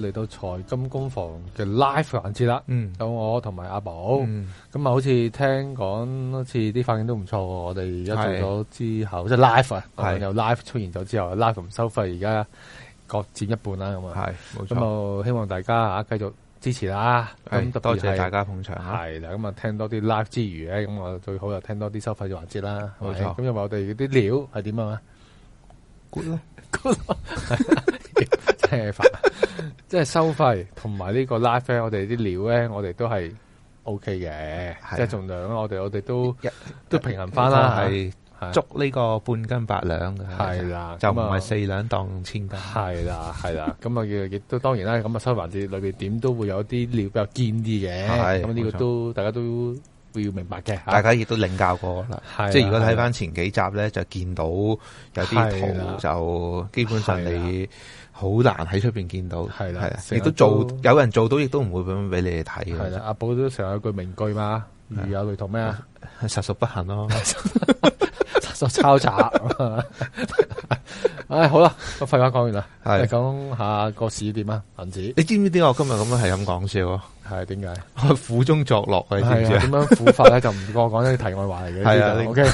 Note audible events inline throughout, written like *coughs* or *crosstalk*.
嚟到財金工房嘅 live 環節啦，有、嗯、我同埋阿寶，咁、嗯、啊好似聽講好似啲反應都唔錯喎。我哋一做咗之後，即係、就是、live，有 live 出現咗之後，live 唔收費，而家各佔一半啦。咁啊，咁啊，就希望大家、啊、繼續支持啦。咁多謝大家捧場，係啦。咁啊，聽多啲 live 之餘咧，咁我最好又聽多啲收費嘅環節啦。冇錯。咁因為我哋啲料係點啊？Good Good Good *laughs* 真係煩煩， *laughs* 即係收費同埋呢個 free 我哋啲料咧，我哋都係 O K 嘅，即係、就係、重量我哋我哋都都平衡返啦，係捉呢個半斤八兩嘅，係啦，就唔係四兩當千斤，係啦係啦，咁啊亦都當然啦，咁啊收環節裏邊點都會有啲料比較堅啲嘅，咁呢個都大家都要明白嘅，大家亦都領教過啦。即係如果睇返前幾集咧，就見到有啲圖，就基本上你好難喺出邊見到。係啦，亦都做有人做到也不會你們看的，亦都唔會咁俾你哋睇嘅。係啦，阿寶都成日有一句名句嘛，如有雷同咩啊，實屬不幸咯。 *laughs* 抄查，唉，好啦，我廢話講完啦，係講、哎、下個市點啊？恒指，你知唔知點解我今日咁樣係咁講笑啊？係點解？我苦中作樂嘅， *laughs* 知唔知、啊、點樣苦法咧？ *laughs* 就唔過講啲題外話嘅，O K，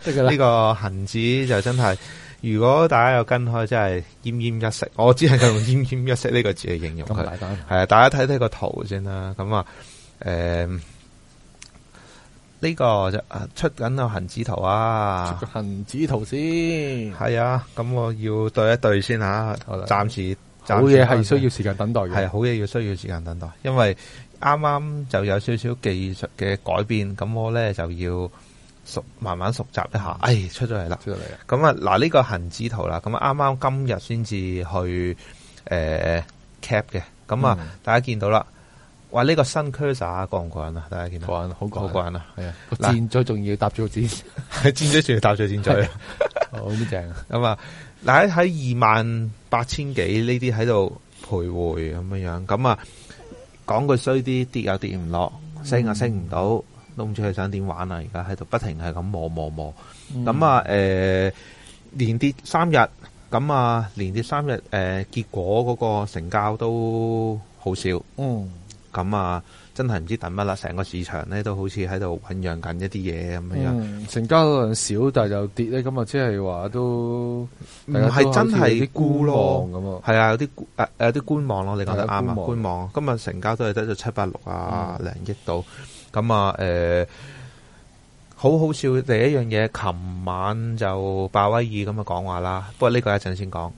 即係呢個恒指就真係，如果大家有跟開，真係奄奄一息。 *laughs* 我只係用奄奄一息呢個字嚟形容佢，係啊。大家睇睇個圖先啦，咁、嗯、啊、誒。呢、這個就出緊個恒指圖啊，出個恒指圖先。係啊，咁我要對一對先吓。暫時好嘢，係需要時間等待嘅，係好嘢，要需要時間等待。因為啱啱就有少少技術嘅改變，咁我咧就要熟慢慢熟習一下。哎，出咗嚟啦！出咗嚟啦！咁啊，嗱、這、呢個恒指圖啦，咁啊啱啱今日先至去誒 cap 嘅，咁、呃、啊、嗯、大家見到啦。話呢、這個新 cursor 過唔過癮啊？大家見到過癮啦，好過癮啦，係啊！個箭仲要搭住個箭，係 *laughs* 箭仔仲要搭住箭仔啊，好正咁啊！嗱喺二萬八千幾呢啲喺度徘徊咁樣樣，咁啊講句衰啲跌又跌唔落，升又升唔到，都唔知佢想點玩啦！而家喺度不停係咁磨磨磨，咁啊誒連跌三日，咁啊連跌三日誒、呃，結果嗰個成交都好少，嗯。咁啊，真係唔知等乜啦！成個市場咧都好似喺度醞釀緊一啲嘢咁樣。成交量少，但係就跌咧，咁啊，即係話都唔係真係沽咯，係啊，有啲誒誒，有啲觀望咯。你講得啱啱觀望。今日成交都係得咗七百六啊零億度。咁啊，誒、啊呃，好好笑。第一樣嘢，琴晚就鮑威爾咁啊講話啦，不過呢個一陣先講。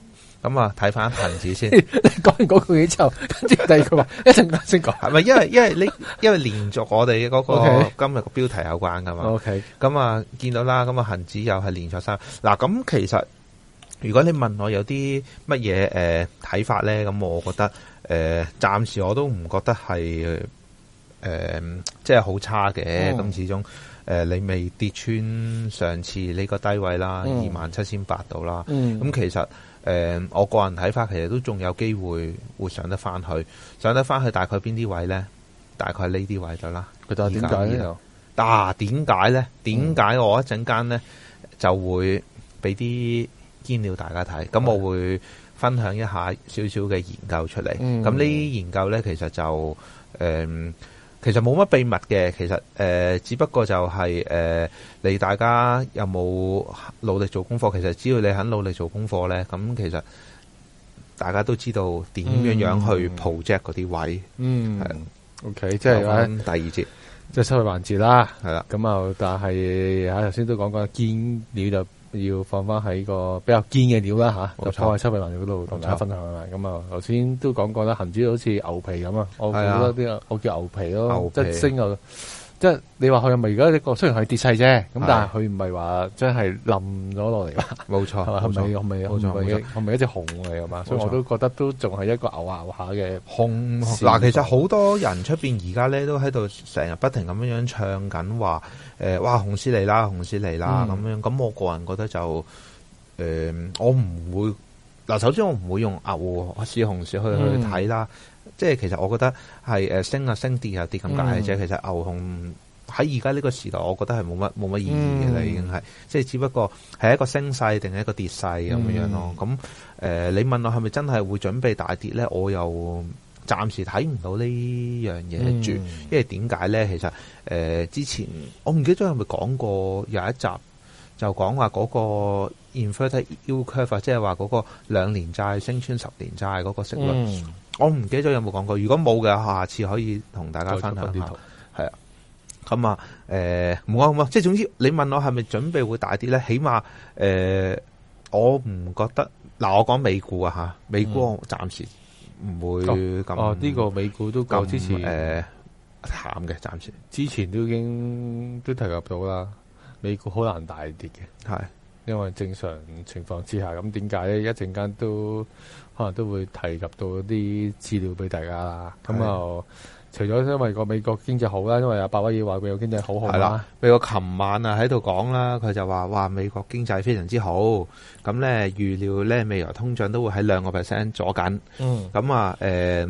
咁啊，睇翻恒指先。 *laughs* 你講完嗰句嘢之後，跟住第二句話，一陣間先講。係咪因為因為你因為連著我哋嘅嗰個、okay. 今日個標題有關噶嘛。咁、okay. 啊、嗯，見到啦，咁啊恒指又係連挫三嗱。咁其實如果你問我有啲乜嘢誒睇法咧，咁我覺得、呃、暫時我都唔覺得係誒、呃，即係好差嘅。咁、oh. 始終誒、呃、你未跌穿上次呢個低位啦，二萬七千八度啦。咁其實。誒、嗯，我個人睇法其實都仲有機會會上得翻去，上得翻去大概邊啲位呢？大概呢啲位咗啦。佢都就點解？嗱點解呢？點、啊、解、嗯、我一陣間呢就會俾啲資料大家睇，咁、嗯、我會分享一下少少嘅研究出嚟。咁呢啲研究呢，其實就誒。嗯其實冇乜秘密嘅，其實誒、呃，只不過就係、是、誒、呃，你大家有冇努力做功課？其實只要你肯努力做功課咧，咁其實大家都知道點樣樣去 project 嗰啲位。嗯，係、嗯、OK，即係第二節，即係出去環節啦。係啦，咁啊，但係吓頭先都講過，堅料就。要放翻喺個比較堅嘅料啦吓，就坐喺七百萬嗰度同大家分享啊咁啊，頭先都講過啦，恆指好似牛皮咁啊，我覺得啲我叫牛皮咯，即係升又。即、就、係、是、你話佢係咪而家一個雖然係跌勢啫，咁但係佢唔係話真係冧咗落嚟，冇錯，係咪？係咪？冇錯，冇錯，係咪一隻熊嚟噶嘛？所以我都覺得都仲係一個牛牛下嘅熊。嗱，其實好多人出邊而家咧都喺度成日不停咁樣樣唱緊話，誒、呃，哇，熊市嚟啦，熊市嚟啦，咁、嗯、樣。咁我個人覺得就誒、呃，我唔會。嗱，首先我唔會用牛市、熊市去去睇啦，即係其實我覺得係誒升啊升，升跌啊跌咁解啫。其實牛熊喺而家呢個時代，我覺得係冇乜冇乜意義嘅啦、嗯，已經係即係只不過係一個升勢定係一個跌勢咁、嗯、樣樣咯。咁、呃、誒，你問我係咪真係會準備大跌咧？我又暫時睇唔到呢樣嘢住，因為點解咧？其實誒、呃、之前我唔記得咗係咪講過有一集。就講話嗰個 inverted yield curve，即係話嗰個兩年債升穿十年債嗰個息率，嗯、我唔記得咗有冇講過。如果冇嘅，下次可以同大家分享下。係啊，咁啊，誒唔好唔好，即、呃、係總之你問我係咪準備會大啲咧？起碼、呃、我唔覺得。嗱、呃，我講美股啊嚇，美股暫時唔會咁、嗯。哦，呢、呢個美股都夠之前誒淡嘅，暫時之前都已經都提及到啦。美國好難大跌嘅。係，因為正常情況之下。咁點解咧？一陣間都可能都會提及到啲資料俾大家啦。咁啊，除咗因為個美國經濟好啦，因為阿伯威爾話美國經濟好好啦。美國琴晚啊喺度講啦，佢就話，哇，美國經濟非常之好，咁咧預料咧未來通脹都會喺兩個 percent 阻緊。嗯，咁啊，誒、呃，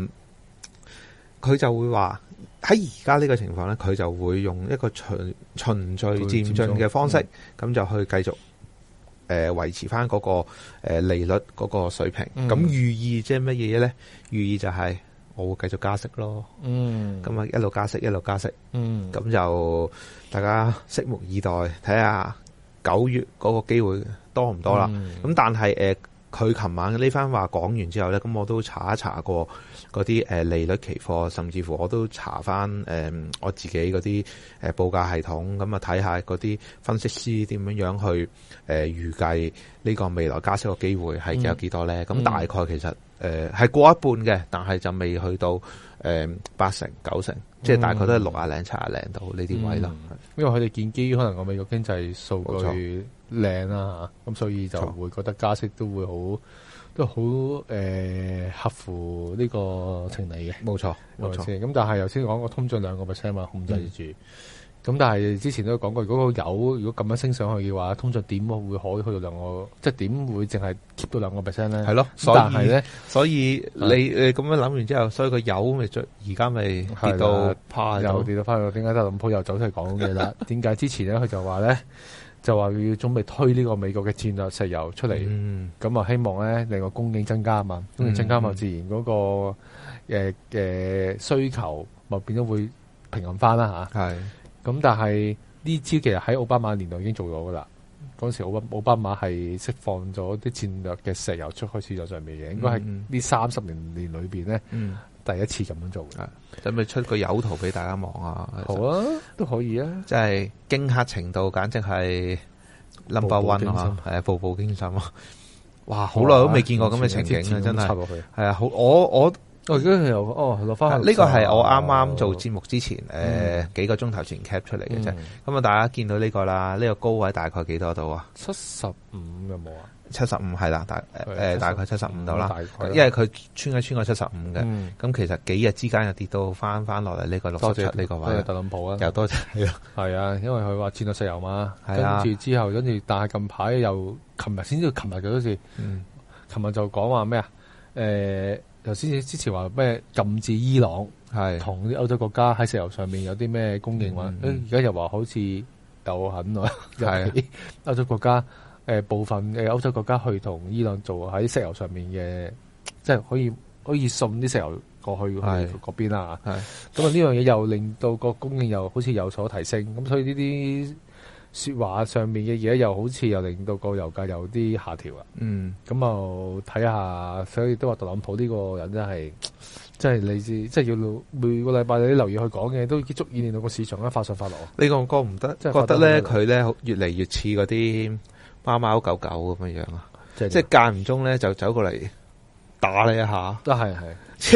佢就會話。喺而家呢個情況呢，佢就會用一個循循序漸進嘅方式，咁就去繼續誒、呃、維持返、那、嗰個、呃、利率嗰個水平。咁、嗯、寓意即係乜嘢呢？寓意就係我會繼續加息咯。嗯，咁啊一路加息一路加息。嗯，咁就大家拭目以待，睇下九月嗰個機會多唔多啦。咁、嗯、但係誒。呃佢琴晚呢番話講完之後呢，咁我都查一查過嗰啲利率期貨，甚至乎我都查翻我自己嗰啲誒報價系統，咁啊睇下嗰啲分析師點樣樣去預計呢個未來加息嘅機會係有幾多呢？咁、嗯嗯、大概其實係過一半嘅，但係就未去到。誒、嗯、八成九成，即係大概都係六啊零七啊零度呢啲位咯、嗯。因為佢哋建基於可能我美國經濟數據靚啦，咁所以就會覺得加息都會好都好誒、呃、合乎呢個情理嘅。冇錯，冇錯。咁但係頭先講個通脹兩個 percent 嘛，控制住。嗯。咁但係之前都講過，如果個油如果咁樣升上去嘅話，通脹點會可以去到兩個，即係點會淨係 keep 到兩個 percent 咧？係咯，但係咧，所以你誒咁樣諗完之後，所以個油咪最而家咪跌到趴又跌到翻去，點解特朗普又走出嚟講嘅啦？點解 *laughs* 之前咧佢就話咧，就話要準備推呢個美國嘅戰略石油出嚟，咁、嗯、啊希望咧令個供應增加啊嘛，咁、嗯、啊、嗯、增加嘛自然嗰、那個誒、嗯嗯那個呃呃、需求咪變咗會平衡翻啦吓。啊咁但係呢招其實喺奧巴馬年代已經做咗噶啦，嗰時奧巴奧巴馬係釋放咗啲戰略嘅石油出開市場上面影，應該係呢三十年年裏邊咧，第一次咁樣做嘅。準備出個有圖俾大家望啊，就是，好啊都可以啊，即係驚吓程度簡直係 number one 係步步驚心，啊、步步驚心哇，好耐都未見過咁嘅情景啊，真係係啊好我我。我哦，咁佢又哦落翻呢個係我啱啱做節目之前誒、啊啊啊嗯、幾個鐘頭前 cap 出嚟嘅啫。咁、嗯、啊，大家見到呢個啦，呢、這個高位大概幾多度啊？七十五有冇啊？七十五係啦，大誒大概七十五度啦。因為佢穿咗穿過七十五嘅，咁、嗯嗯、其實幾日之間又跌到翻翻落嚟呢個六十七呢個位。多謝特朗普啊！又多謝係啊，因為佢話戰略石油嘛，跟住之後跟住，但係近排又琴日先至，琴日、嗯、就好似，琴日就講話咩啊？誒、呃。頭先之前話咩禁止伊朗，係同啲歐洲國家喺石油上面有啲咩供應話，而、嗯、家、嗯嗯、又話好似有肯耐，有啲 *laughs* 歐洲國家、呃、部分嘅歐洲國家去同伊朗做喺石油上面嘅，即、就、係、是、可以可以送啲石油過去嗰邊啊，咁啊呢樣嘢又令到個供應又好似有所提升，咁所以呢啲。說話上面嘅嘢，又好似又令到個油價有啲下調啊！嗯，咁啊睇下，所以都話特朗普呢個人真係，真係你知，即係要每個禮拜你留意佢講嘅，都足以令到個市場咧發上發落。呢個哥唔得，覺得咧佢咧越嚟越似嗰啲貓貓狗狗咁樣樣啊！即係間唔中咧就走過嚟打你一下，都係係。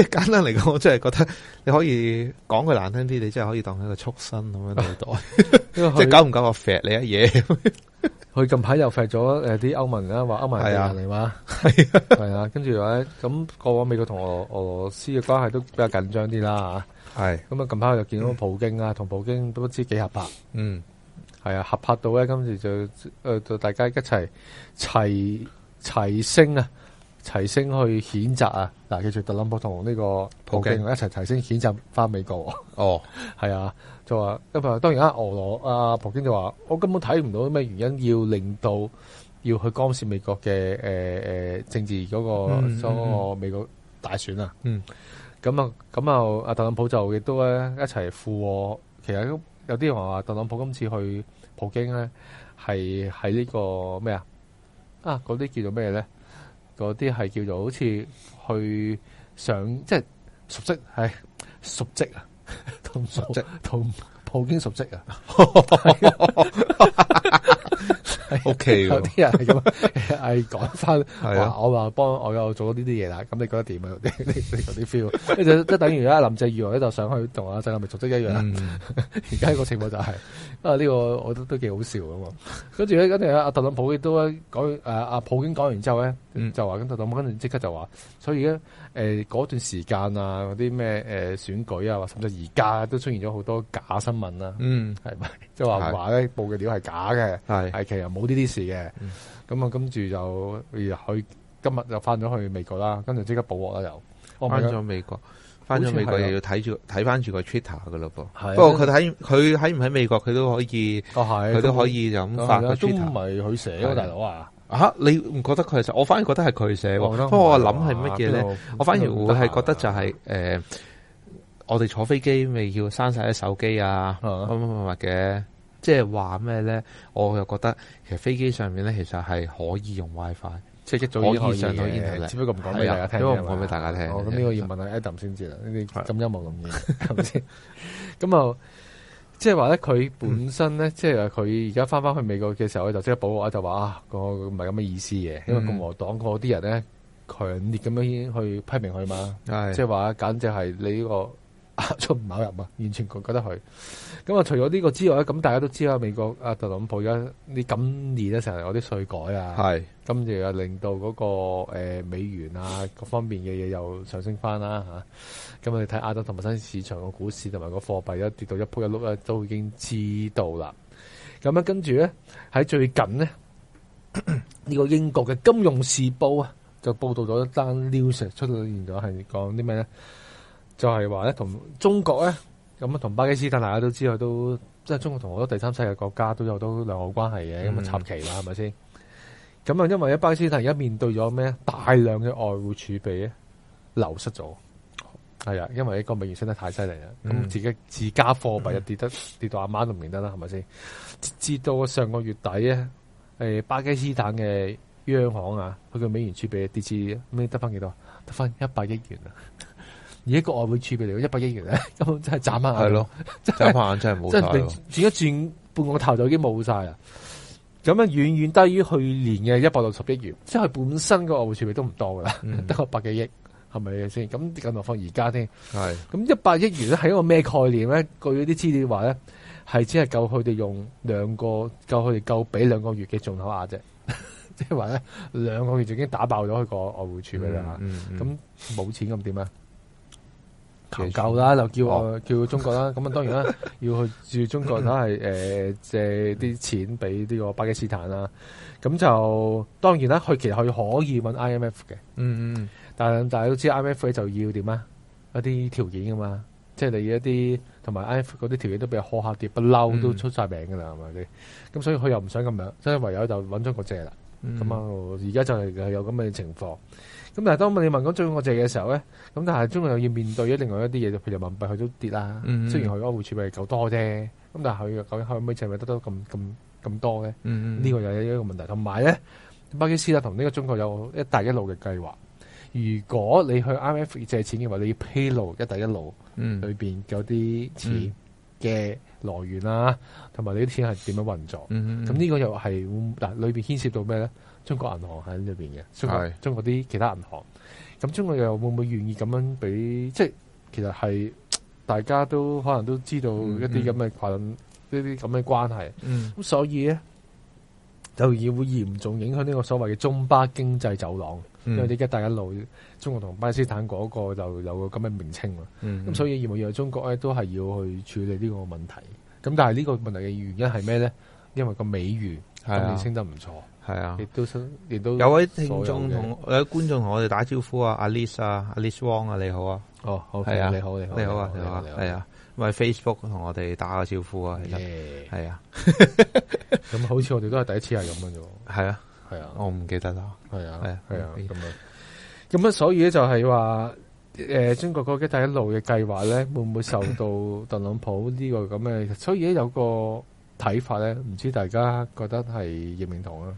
簡單嚟講，我真係覺得你可以講佢難聽啲，你真係可以當佢一個畜生咁樣對待，啊、 *laughs* 即係搞唔搞？我肥你一嘢！佢 *laughs* 近排又廢咗誒，啲歐盟啊，話歐盟係啊嚟嘛，係啊，跟住話咁過往美國同俄羅俄羅斯嘅關係都比較緊張啲啦吓。係咁啊！近排又見到普京啊，同、嗯、普京都唔知幾合拍。嗯，係啊，合拍到咧，今次就誒，就、呃、大家一齊齊齊升啊！齊聲去譴責啊！嗱，記住特朗普同呢個普京一齊齊聲譴責翻美國。 *laughs* 哦，係啊，就話，咁啊，當然啊，俄羅啊，普京就話，我根本睇唔到咩原因要令到要去干涉美國嘅誒誒政治嗰、嗰個，嗯嗯嗰個美國大選啊。嗯，咁啊，咁啊，阿特朗普就亦都咧一齊附和。其實有啲人話，特朗普今次去普京咧，係喺呢個咩啊？啊，嗰啲叫做咩咧？嗰啲係叫做好似去上，即係，熟悉，係熟識啊，同熟識，同普京熟識啊。 *laughs* *laughs* *laughs* O、okay、K， *laughs* 有啲人係咁，係講翻話我話幫我又做咗呢啲嘢啦，咁你覺得點啊？啲 *laughs* 啲有些 feel，一 *laughs* *laughs* 就一等於阿林鄭月娥咧就上去同阿習近平做得一樣，而、嗯、家個情況就係、是， *laughs* 啊呢、這個我覺得都幾好笑咁啊！跟住咧跟住阿特朗普亦都咧講，阿、啊、普京講完之後咧，就話咁特朗普跟住即刻就話，所以咧。誒、呃、嗰段時間啊，嗰啲咩選舉啊，或甚至而家都出現咗好多假新聞啦、啊。嗯，係咪？即係話話咧，報嘅料係假嘅，係其實冇呢啲事嘅。咁、嗯、啊，跟、嗯、住、嗯、就佢今日就翻咗去美國啦，跟住即刻補鑊啦，又翻咗美國，翻咗美國又要睇住睇翻住個 Twitter 㗎咯噃。不過佢喺佢喺唔喺美國，佢都可以，佢、哦、都可以就咁發個 Twitter。都唔係佢寫喎，大佬啊！吓！你唔覺得佢寫喎？我反而覺得係佢寫喎。不過我諗係乜嘢呢？我反而會係覺得就係、是、誒、呃，我哋坐飛機咪要刪曬啲手機啊，乜乜乜嘅，即係話咩呢？我又覺得其實飛機上面呢，其實係可以用 WiFi，即係一早已經可以上到嘅，只不過唔講俾大家聽啫嘛。因為唔講俾大家 *laughs* 聽，我咁呢個要問下 Adam 先知啦。呢啲咁陰謀咁樣，係咪先？咁啊～即係話咧，佢本身咧，嗯、即係佢而家翻翻去美國嘅時候咧，就即刻補我，就話啊，嗰個唔係咁嘅意思嘅。因為共和黨嗰啲人咧，強烈咁樣去批評佢嘛，嗯、即係話簡直係你呢、呢個出唔咬入啊，完全覺得佢。咁啊，除咗呢個之外咧，咁大家都知啦，美國阿特朗普而家呢今年咧成日有啲稅改啊，咁就又令到嗰、嗰個、呃、美元啊各方面嘅嘢又上升翻啦吓。咁我哋睇亞洲同埋新市場個股市同埋個貨幣一跌到一鋪一碌咧，都已經知道啦。咁啊，跟住咧喺最近呢，呢、 *coughs* 呢個英國嘅《金融時報》啊就報道咗一單 news 出現咗，係講啲咩咧？就係話咧，同中國咧。咁啊，同巴基斯坦大家都知道都，即係中國同好多第三世界國家都有好多良好關係嘅，咁啊插旗啦，係咪先？咁啊，因為巴基斯坦而家面對咗咩？大量嘅外匯儲備流失咗，係啊，因為呢個美元升得太犀利啦，咁自己自家貨幣又跌得跌，跌到阿媽都唔認得啦，係咪先？直至到上個月底咧，誒，巴基斯坦嘅央行啊，佢嘅美元儲備跌至咩得翻幾多？得翻一百億元啊！而一個外匯儲備嚟一百億元咧，咁真係眨下眼係咯，眨下眼真係冇，即係轉一轉半個頭就已經冇晒啦。咁啊，遠遠低於去年嘅一百六十億元，即係本身個外匯儲備都唔多噶啦，得、嗯、個百幾億，係咪先？咁更何況而家咧，係咁一百億元咧係一個咩概念咧？據啲資料話咧，係只係夠佢哋用兩個，夠佢哋夠俾兩個月嘅進口額啫。即係話咧，兩個月就已經打爆咗佢個外匯儲備啦。咁、嗯、冇、嗯嗯、錢咁點啊？求救啦，就叫我、oh. 叫中國啦。咁啊，當然啦， *laughs* 要去住中國都係誒借啲錢俾呢個巴基斯坦啦。咁就當然啦，佢其實佢可以搵 I M F 嘅，嗯、mm. 嗯，但係大家都知 I M F 就要點啊？一啲條件噶嘛，即係你一啲同埋 I M F 嗰啲條件都比較苛刻啲，不嬲都出晒名噶啦，係咪咁？所以佢又唔想咁樣，所以唯有就搵中國借啦。咁、嗯、啊，而家就係有咁嘅情況。咁但係當你問緊中國借嘅時候咧，咁但係中國又要面對咗另外一啲嘢，就譬如人民幣佢都跌啦、嗯嗯。雖然佢外匯儲備夠多啫，咁但係佢究竟可唔可以借咪得到咁咁咁多咧？呢、嗯嗯這個又係一個問題。同埋咧，巴基斯坦同呢個中國有一帶一路嘅計劃。如果你去 IMF 借錢嘅話，你要披露一帶一路、嗯、裏邊有啲錢嘅。來源啦、啊，同埋你啲錢係點樣運作？咁、嗯、呢、嗯、個又係嗱、啊，裏邊牽涉到咩咧？中國銀行喺裏邊嘅，中國中國啲其他銀行，咁中國又會唔會願意咁樣俾？即係其實係大家都可能都知道一啲咁嘅關呢啲咁嘅關係。咁、嗯嗯、所以咧，就要會嚴重影響呢個所謂嘅中巴經濟走廊。因為依家大家路，中國同巴基斯坦嗰個就有個咁嘅名稱嘛。咁、嗯、所以以業以上中國咧都係要去處理呢個問題。咁但係呢個問題嘅原因係咩咧？因為個美元今年升得唔錯，係啊，亦、啊、都亦都有位聽眾同有位觀眾同我哋打招呼啊 Alice 啊 Alice Wong 啊，你好啊，哦，好，好，係啊，你好，你好，你好，你好，你好，你好啊，你好，係啊，咁喺 Facebook 同我哋打個招呼啊，係啊，咁、啊啊啊啊、 *laughs* 好似我哋都係第一次係咁嘅啫喎，係啊。係啊，我唔記得啦。係啊，係啊，咁啊，咁啊，咁樣，所以咧就係話，誒、呃，中國國家第一路嘅計劃咧，會唔會受到特朗普呢個咁嘅？ *coughs* 所以咧有個睇法，咧，唔知大家覺得係認唔認同啊？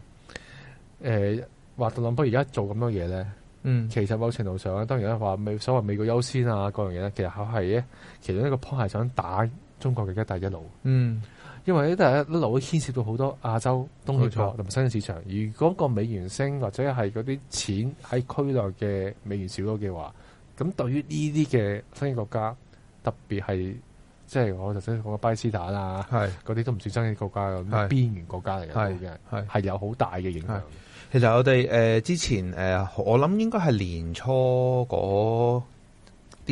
誒、呃，話特朗普而家做咁多嘢咧，嗯，其實某程度上咧，當然係話美所謂美國優先啊，各樣嘢咧，其實係咧，其中一個波係想打。中國嘅一帶一路，嗯，因為一帶一路會牽涉到好多亞洲東協國同埋新興市場。如果個美元升或者係嗰啲錢喺區內嘅美元少咗嘅話，咁對於呢啲嘅新興國家，特別係即係我頭先講嘅巴基斯坦啊，係嗰啲都唔算新興國家嘅邊緣國家嚟嘅，已經係有好大嘅影響。其實我哋、呃、之前、呃、我諗應該係年初嗰、那個，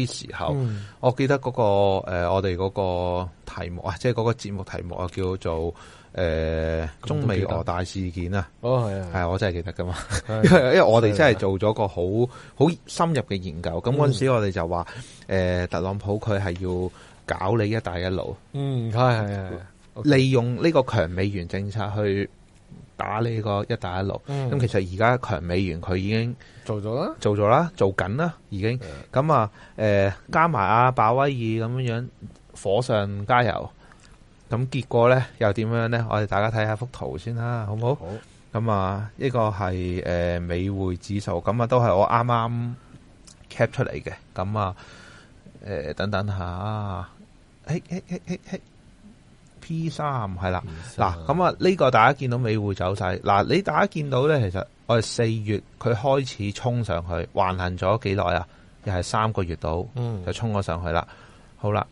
啲時候，我記得嗰、那個、呃、我哋嗰個題目啊，即係嗰個節目題目啊，叫做誒、呃、中美俄大事件啊。哦，係啊，係啊，我真係記得噶嘛的，因為因為我哋真係做咗個好好深入嘅研究。咁嗰陣時我，我哋就話誒，特朗普佢係要搞你一帶一路。嗯，係係係，利用呢個強美元政策去。打呢個一帶一路，咁、嗯、其實而家強美元佢已經做咗啦，做咗啦，做緊啦，已經。咁、嗯、啊，誒、呃，加埋阿鮑威爾咁樣樣火上加油，咁結果咧又點樣咧？我哋大家睇下幅圖先啦，好唔好？好。咁啊，呢個係誒、呃、美匯指數，咁啊都係我啱啱 cap 出嚟嘅。咁啊，誒、啊呃，等等下，嘿嘿嘿嘿嘿 t 三係啦，嗱咁啊，呢、這個大家見到美匯走勢。嗱、啊，你大家見到咧，其實我哋四月佢開始衝上去，橫行咗幾耐啊？又係三個月度，就衝咗上去啦。好啦，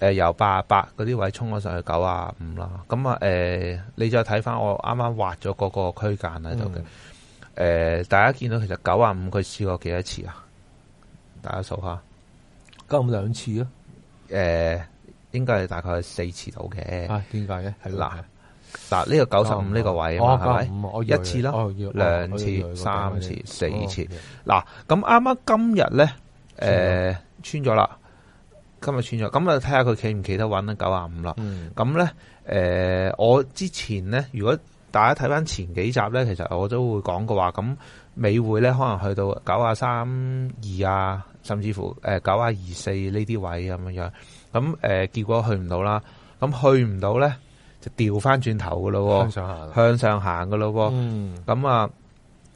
誒由八啊八嗰啲位衝咗上去九啊五啦。咁啊，誒你再睇翻我啱啱劃咗嗰個區間喺度嘅，誒、嗯呃、大家見到其實九啊五佢試過幾多次啊？大家數下，咁兩次啊？誒、呃。應該係大概四次到嘅，點解嘅？嗱嗱呢個九十五呢個位啊係咪、哦？一次啦，兩、哦、次、哦、三次、哦三次哦、四次。嗱、哦，咁啱啱今日咧，誒、呃、穿咗啦，今日穿咗，咁啊睇下佢企唔企得穩啦，九啊五啦。咁、嗯、咧，誒、呃、我之前咧，如果大家睇翻前幾集咧，其實我都會講嘅話，咁美匯咧可能去到九啊三二啊，甚至乎誒九啊二四呢啲位咁樣樣。咁誒，結果去唔到啦。咁去唔到咧，就掉翻轉頭噶咯。向上行，向上行噶咯。嗯。咁啊，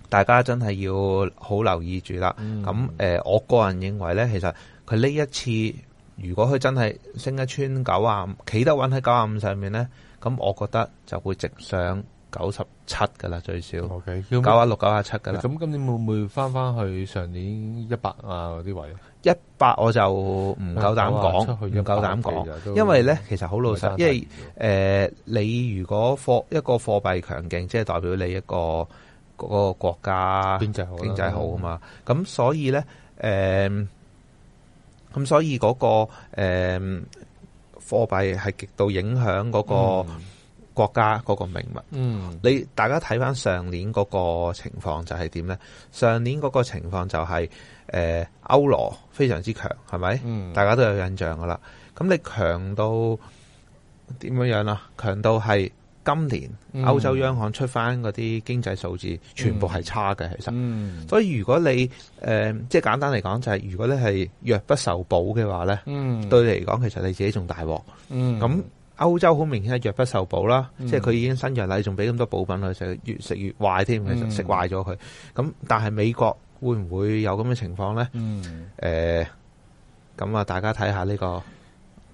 大家真係要好留意住啦。咁、嗯、誒，我個人認為咧，其實佢呢一次，如果佢真係升一穿九啊五，企得穩喺九啊五上面咧，咁我覺得就會直上九十七噶啦，最少。O K。九啊六、九啊七噶啦。咁今年會唔會翻翻去上年一百啊嗰啲位？一百我就唔夠膽講，唔夠膽講，因為呢其實好老實，因為誒、呃、你如果貨一個貨幣強勁，即係代表你一個，一個國家經濟好嘛，咁所以呢，誒、呃，所以嗰、嗰個誒、呃、貨幣係極度影響嗰、嗰個。嗯國家嗰個名物、嗯，你大家睇翻上年嗰個情況就係點呢？上年嗰個情況就係、是、誒、呃、歐羅非常之強，係咪、嗯？大家都有印象噶啦。咁你強到點樣樣啊？強到係今年歐洲央行出翻嗰啲經濟數字，嗯、全部係差嘅。其實、嗯，所以如果你誒、呃、即係簡單嚟講，就係如果你係弱不受補嘅話呢，嗯，對你嚟講，其實你自己仲大鑊。咁、嗯歐洲好明顯係虛不受補啦，即係佢已經身虛嘞，仲俾咁多補品去食，越食越壞添，其實食壞咗佢咁但係美國會唔會有咁嘅情況咧？嗯誒，咁啊大家睇下呢個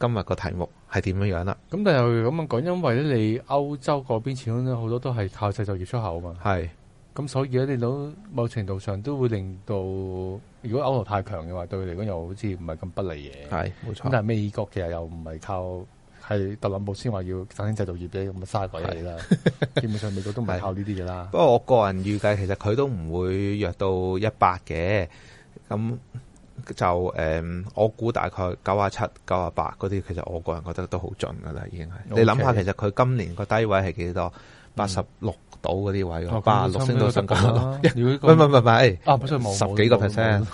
今日個題目係點樣樣啦，咁但係咁啊講，因為咧你歐洲嗰邊始終咧好多都係靠製造業出口啊嘛，係咁所以咧你都某程度上都會令到如果歐羅太強嘅話，對佢嚟講又好似唔係咁不利嘅，係冇錯。係特朗普先話要振興製造業嘅咁嘅嘥鬼氣啦， *laughs* 基本上美國都唔係靠呢啲嘢啦。不過我個人預計，其實佢都唔會弱到一百嘅，咁就誒、呃，我估大概九啊七、九啊八嗰啲，其實我個人覺得都好準噶啦，已經係。Okay. 你諗下，其實佢今年個低位係幾多？八十六度嗰啲位，八十六升到上九，唔係唔係唔係，十幾個 percent，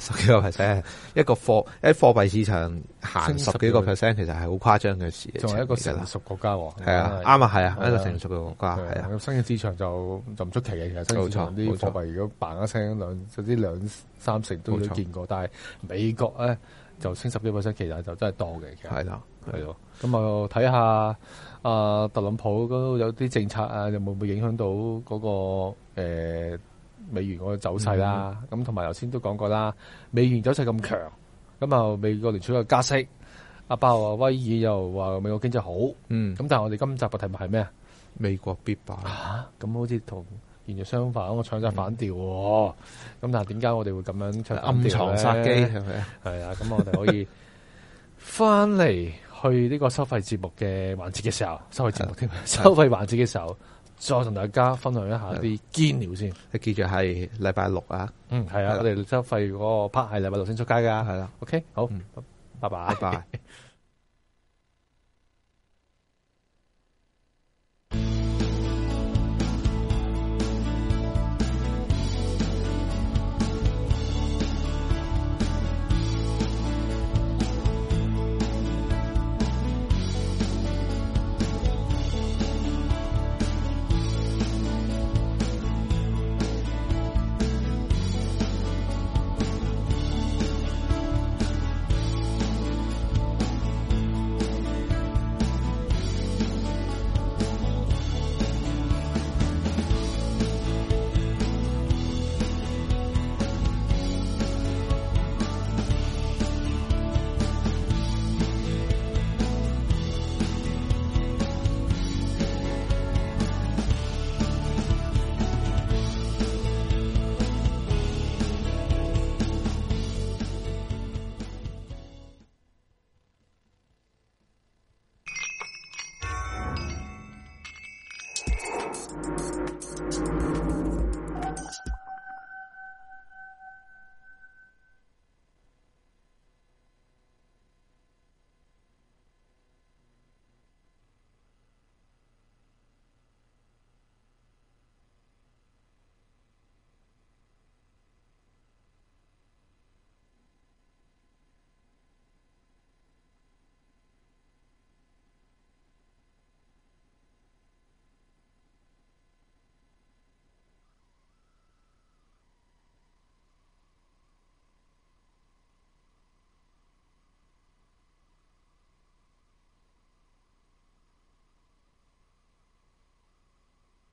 十幾個 percent，一個貨喺貨幣市場行十幾個 percent，其實係好誇張嘅事。作為一個成熟國家，係啊，啱啊，係啊，一個成熟嘅國家，係啊。咁新嘅市場就就唔出奇嘅，其實新市場啲貨幣如果嘭一聲兩，甚至兩三成都都見過。但係美國咧就升十幾個 percent，其實就真係多嘅。係啦，係咯，咁啊睇下。啊，特朗普都有啲政策啊，又會唔會影響到嗰、那個誒、呃、美元嗰個走勢啦、啊？咁同埋，頭先都講過啦，美元走勢咁強，咁啊，美國聯儲又加息，阿鮑威爾又話美國經濟好，嗯，咁但係我哋今集嘅題目係咩啊？美國必敗啊？咁好似同完全相反，我唱咗反調、啊，咁、嗯、但係點解我哋會咁樣出暗藏殺機？係咪啊？係啊，咁我哋可以翻嚟，去呢個收費節目嘅環節嘅時候，收費節目添，收費環節嘅時候，再同大家分享一下啲堅料先。你記住係禮拜六啊，嗯，係啊，我哋收費嗰個 part 係禮拜六先出街噶係啦，OK，好，嗯，拜拜。拜拜 *laughs*